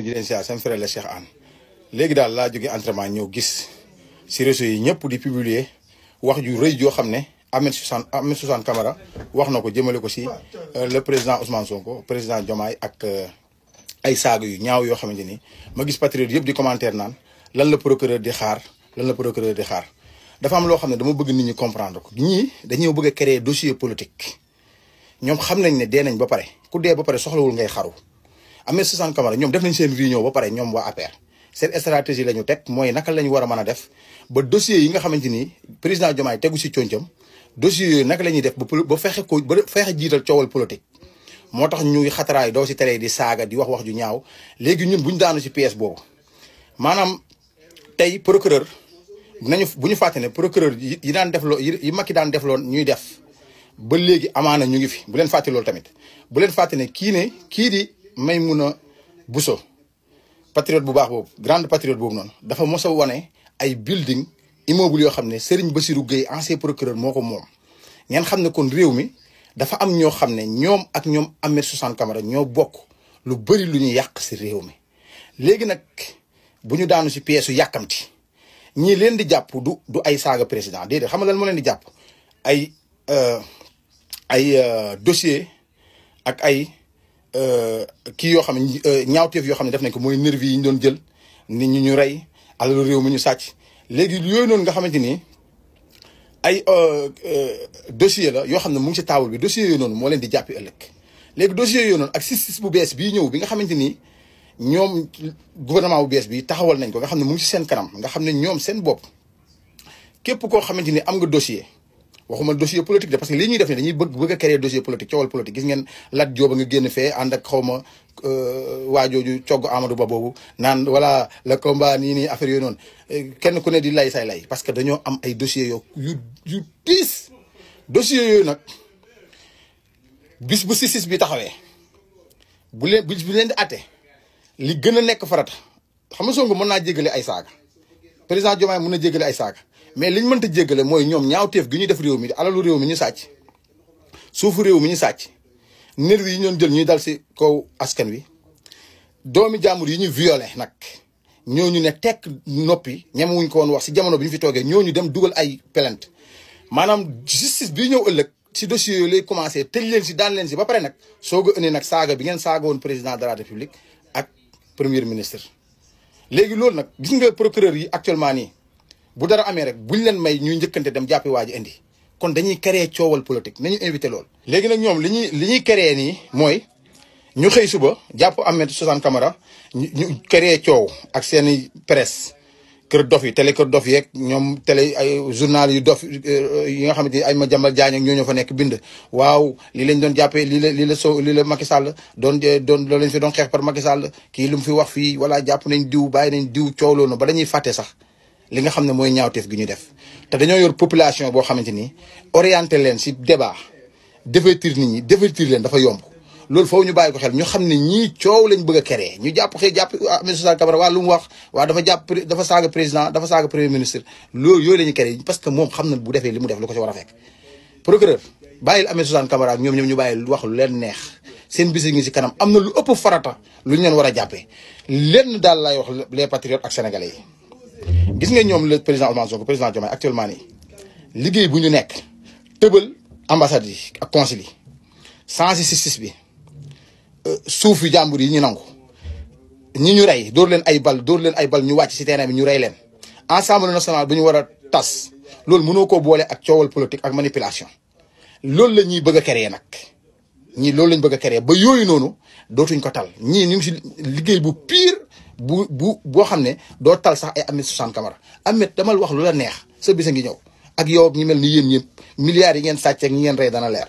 nuyu di leen siyaar seen frère la Cheikh Anne léegi daal laa jóge entraînement ñoo gis si réseau yi ñëpp di publier wax ju rëy yoo xam ne Ahmed Suzanne Ahmed Suzanne Camara wax na ko jëmale ko si euh, le président Ousmane Sonko président jomaay ak euh, ay saaga yu ñaaw yoo xamante ni ma gis patriote yëpp di commentaire naan lan la procureur di xaar lan la procureur di xaar dafa am loo xam ne dama bëgg nit ñi comprendre ko ñii dañoo bëgg a créer dossier politique ñoom xam nañ ne dee nañ ba pare ku dee ba pare soxlawul ngay xaru Ahmed Suzanne Camara ñoom def nañ seen réunion ba pare ñoom waa APR seen stratégie la teg mooy naka la ñu war a mën a def ba dossier yi nga xamante ni président Diomaye tegu si coñcam dossiers yooyu naka la ñuy def ba ba fexe ko ba fexe jiital coowal politique. moo tax ñuy xataraay doo si télé di saaga di wax wax ju ñaaw léegi ñun bu ñu daanu si pièce boobu maanaam tey procureur nañu bu ñu fàtte ne procureur yi daan def loo yi Macky daan def loo ñuy def ba léegi amaana ñu ngi fi bu leen fàtte tamit Maimouna Bousso patriote bu baax boobu grande patriote boobu noonu dafa mos a ay building immeuble yoo xam ne Serigne si Gueye ancien procureur moo ko moom. ngeen xam ne kon réew mi dafa am ñoo xam ne ñoom ak ñoom Ahmed Suzanne Camara ñoo bokk lu bëri lu ñu yàq si réew mi léegi nag bu ñu daanu si pièce su yàkkamti ñii leen di jàpp du du ay saaga président déedéet xam nga lan moo leen di jàpp ay euh, ay euh, dossier ak ay. Euh, kii yoo xam ne euh, ñaawteef yoo xam ne def nañ ko mooy nervi yi ñu doon jël nit ñu ñu rey alalu réew mi ñu sàcc léegi yooyu noonu nga xamante ni ay euh, dossier la yoo xam ne mu ngi si taabal bi dossier yooyu noonu moo leen di jàppi ëllëg léegi dossier yooyu noonu ak justice bu bees bii ñëw bi nga xamante ni ñoom gouvernement bu bees bi taxawal nañ ko nga xam ne mu ngi ci seen kanam nga xam ne ñoom seen bopp képp koo xamante ni am nga dossier waxuma dossier politique de parce que lii ñuy def ne dañuy bëgg bëgg a dossier politique coowal politique gis ngeen Lat Diop a nga génn fee ànd ak xaw ma euh, waajooju cogg Amadou Ba boobu naan voilà le combat nii nii affaire yooyu noonu kenn ku ne di lay say lay parce que dañoo am ay dossiers yoo yu yu tiis yooyu nag bis bu sisis bi taxawee bu leen bis bu leen di atte li gën a nekk farata xam nga Sonko mën naa jégale ay saaga président Diomaye mën na jégale ay saaga mais liñ mënta jéggale mooy ñoom ñaawteef gi ñuy def réew mi alalu réew mi ñu sàcc suufu réew mi ñu sàcc nervi yi ñoon jël ñuy dal si kaw askan wi doomi jàmbur yi ñu violé nag ñooñu ne tekk noppi wuñ ko woon wax si jamono bi ñu fi toogee ñooñu dem dugal ay pelent maanaam justice bi ñëw ëllëg si dossier yooyu lay commencé tëj leen si daan leen si ba pare nag soog a indi nag saaga bi ngeen saaga woon président de la république ak premier ministre léegi loolu nag gis nga procureur yi actuellement nii bu dara amee rek buñ leen may ñuy njëkkante dem jàppi waa ji indi kon dañuy créer coowal politique nañu invité lool. léegi nag ñoom li ñuy li ñuy créer nii mooy ñu xëy suba jàpp Ahmed Suzanne Camara ñu ñu coow ak seen i presse kër dof yi télé kër dof yeeg ñoom télé ay journal yu dof euh, yi nga xamante ni ay ma jàmbal jaañ ak ñoo ñoo fa nekk bind. waaw lii lañ doon jàppee lii la lii la so lii la Macky Sall doon euh, doon loolu lañ fi doon xeex par Macky Sall kii lu mu fi wax fi wala jàpp nañ diw bàyyi nañ diw coow loolu ba dañuy fàtte sax. li nga xam ne mooy ñaawteef gi ñu def te dañoo yor population boo xamante ni orienté leen si débat divertir nit ñi divertir leen dafa yomb loolu foofu ñu bàyyi ko xel ñu xam ne ñii coow lañ bëgg a ñu jàpp xëy jàpp Aminata ah, Suzanne Camara wax waa dafa jàpp dafa saaga président dafa saaga premier ministre loolu yooyu la ñuy parce que moom xam na bu defee li mu def lu ko ci war a fekk procureur bàyyil Aminata Suzanne Camara ñoom ñoom ñu bàyyi wax lu leen neex seen bisi ngi si kanam am na lu ëpp farata lu ñu leen war a jàppee lenn daal laay wax les patriotes ak sénégalais yi gis nga ñoom le président Ousmane Sonko président Diomaye actuellement nii liggéey bu ñu nekk tëbal ambassade yi ak consul yi sis bi euh, suuf yu yi ñu nangu ñi ñu rey door leen ay bal dóor leen ay bal ñu wàcc si terrain bi ñu rey leen ensemble national bu ñu war a tas loolu mënoo koo boole ak coowal politique ak manipulation loolu la ñuy bëgg a créer nag ñii loolu lañ bëgg a créer ba yooyu noonu dootuñ ko tal ñii ñu ngi si liggéey bu pire bu bu boo xam ne doo tal sax ay Ahmed Suzanne Camara Ahmed damal wax lu la neex sa bisa ngi ñëw ak yow ñu mel ni yéen ñëpp milliards yi ngeen sàcceeg ñi ngeen rey dana leer